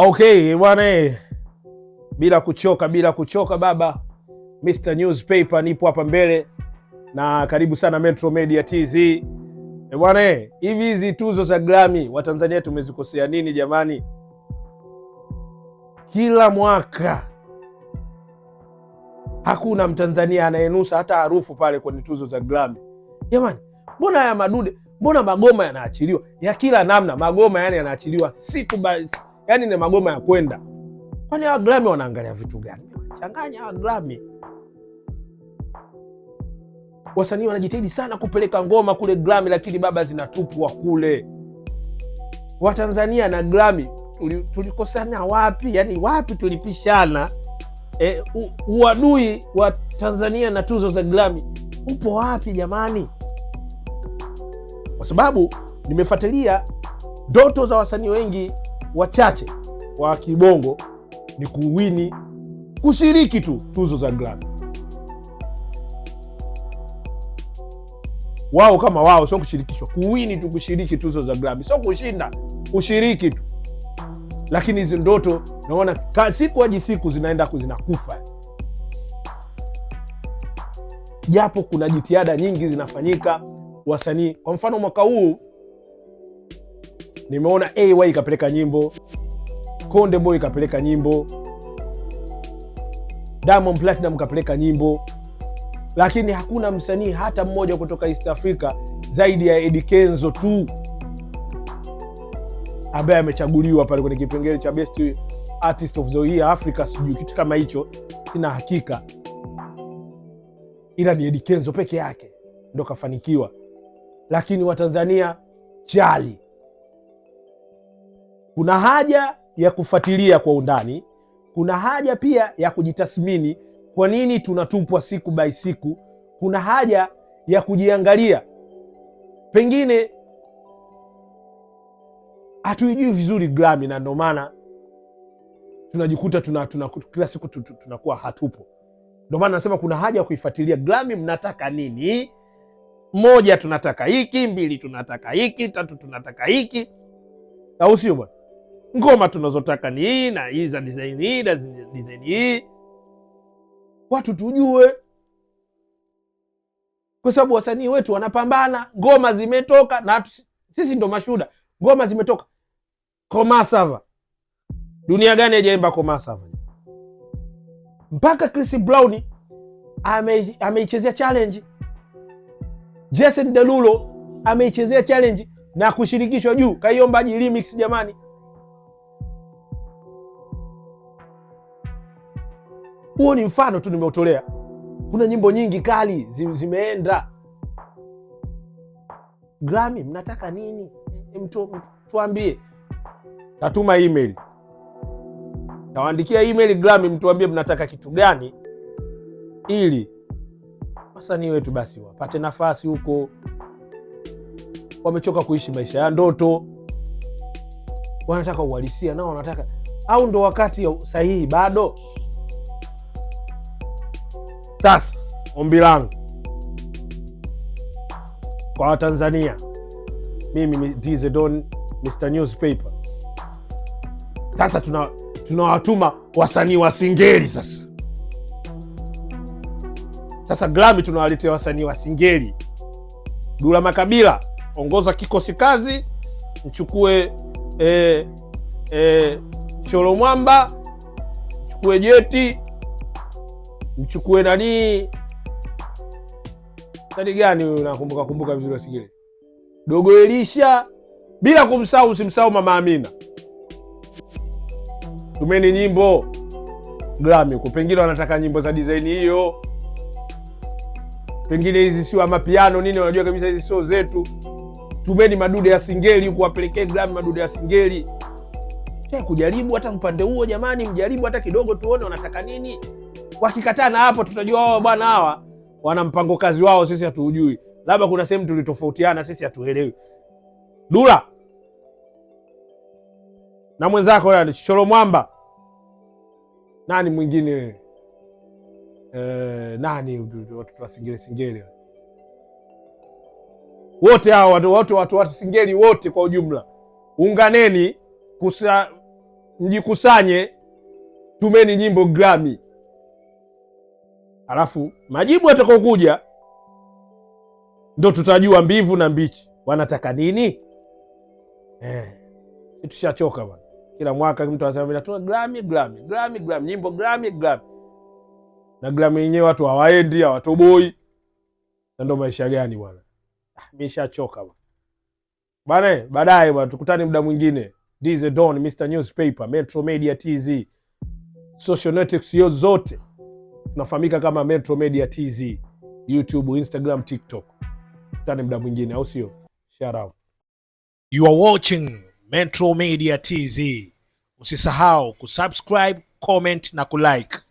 Okay bwana, bila kuchoka, bila kuchoka baba, Mr Newspaper nipo hapa mbele na karibu sana Metro Media TZ. Eh, bwana, hivi hizi tuzo za Grammy Watanzania tumezikosea nini jamani? Kila mwaka hakuna Mtanzania anayenusa hata harufu pale kwenye tuzo za Grammy jamani. Mbona haya madude, mbona magoma yanaachiliwa ya kila namna? Magoma yani yanaachiliwa siku ba yani ni magoma ya kwenda. Kwani hawa Grammy wanaangalia vitu gani? Changanya hawa Grammy. Wasanii wanajitahidi sana kupeleka ngoma kule Grammy, lakini baba zinatupwa kule. Watanzania na Grammy tulikosana wapi? Yani wapi tulipishana? E, uadui wa Tanzania na tuzo za Grammy upo wapi jamani? Kwa sababu nimefuatilia ndoto za wasanii wengi wachache wa kibongo ni kuwini kushiriki tu tuzo za Grammy. Wao kama wao, sio kushirikishwa, kuwini tu, kushiriki tuzo za Grammy, sio kushinda, kushiriki tu. Lakini hizi ndoto naona siku hadi siku zinaenda zinakufa, japo kuna jitihada nyingi zinafanyika wasanii. Kwa mfano mwaka huu Nimeona AY ikapeleka nyimbo, Konde Boy ikapeleka nyimbo, Diamond Platinum kapeleka nyimbo, lakini hakuna msanii hata mmoja kutoka East Africa zaidi ya Eddy Kenzo tu ambaye amechaguliwa pale kwenye kipengele cha Best Artist of the Year Africa, sijui kitu kama hicho, sina hakika, ila ni Eddy Kenzo peke yake ndo kafanikiwa, lakini Watanzania chali kuna haja ya kufuatilia kwa undani, kuna haja pia ya kujitathmini, kwa nini tunatupwa siku by siku. Kuna haja ya kujiangalia, pengine hatuijui vizuri Grammy na ndio maana tunajikuta tuna, tuna, kila siku tunakuwa hatupo. Ndio maana nasema kuna haja ya kuifuatilia Grammy. Mnataka nini? Moja, tunataka hiki; mbili, tunataka hiki; tatu, tunataka hiki, au sio bwana? ngoma tunazotaka ni hii na hii za design hii na design hii, watu tujue, kwa sababu wasanii wetu wanapambana, ngoma zimetoka na sisi ndo mashuhuda, ngoma zimetoka. Komasava, dunia gani haijaimba Komasava? Mpaka Chris Brown ameichezea ame challenge, Jason Derulo ameichezea challenge na kushirikishwa juu, kaiomba ji remix jamani. Huo ni mfano tu nimeutolea. Kuna nyimbo nyingi kali zimeenda Grammy. Mnataka nini? tuambie, tatuma email, tawaandikia email Grammy, mtuambie mnataka kitu gani, ili wasanii wetu basi wapate nafasi huko. Wamechoka kuishi maisha ya ndoto, wanataka uhalisia nao, wanataka au ndo wakati sahihi bado sasa ombi langu kwa Watanzania, mimi ni DZ Don Mr Newspaper. Sasa tunawatuma wasanii wa Singeli sasa sasa Grammy tunawaletea wasanii wa Singeli. Dula Makabila, ongoza kikosi kazi, mchukue eh, eh, Sholo Mwamba, mchukue Jeti mchukue nani nani gani huyu, nakumbuka kumbuka vizuri, asigile dogo Elisha, bila kumsahau, usimsahau mama Amina. Tumeni nyimbo Grammy huko, pengine wanataka nyimbo za design hiyo, pengine hizi sio amapiano nini, wanajua kabisa hizi sio zetu. Tumeni madude ya singeli huko, wapelekee Grammy madude ya singeli. Kujaribu hata mpande huo, jamani, mjaribu hata kidogo, tuone wanataka nini wakikatana hapo tutajua wao bwana hawa wana mpango kazi wao, sisi hatuujui, labda kuna sehemu tulitofautiana sisi hatuelewi. Dula na mwenzako yani Cholo Mwamba, nani mwingine e, Nani watoto wa Singeli Singeli wote hao watu watu watu wa Singeli wote kwa ujumla, unganeni kusa, mjikusanye, tumeni nyimbo Grammy alafu majibu yatakaokuja ndo tutajua mbivu na mbichi, wanataka nini eh. Tushachoka bwana, kila mwaka mtu anasema tuna grami grami grami Grammy, nyimbo grami grami na grami yenyewe watu hawaendi, hawatoboi. Na ndo maisha gani bwana? Ah, mishachoka bwana bwana. Baadaye bwana, tukutane muda mwingine. Dz Don, Mr Newspaper, Metro Media, TZ, networks yo zote tunafahamika kama Metro Media TZ, YouTube, Instagram, TikTok. Tutane muda mwingine, au sio? Shout out. You are watching Metro Media TZ. Usisahau kusubscribe, comment na kulike.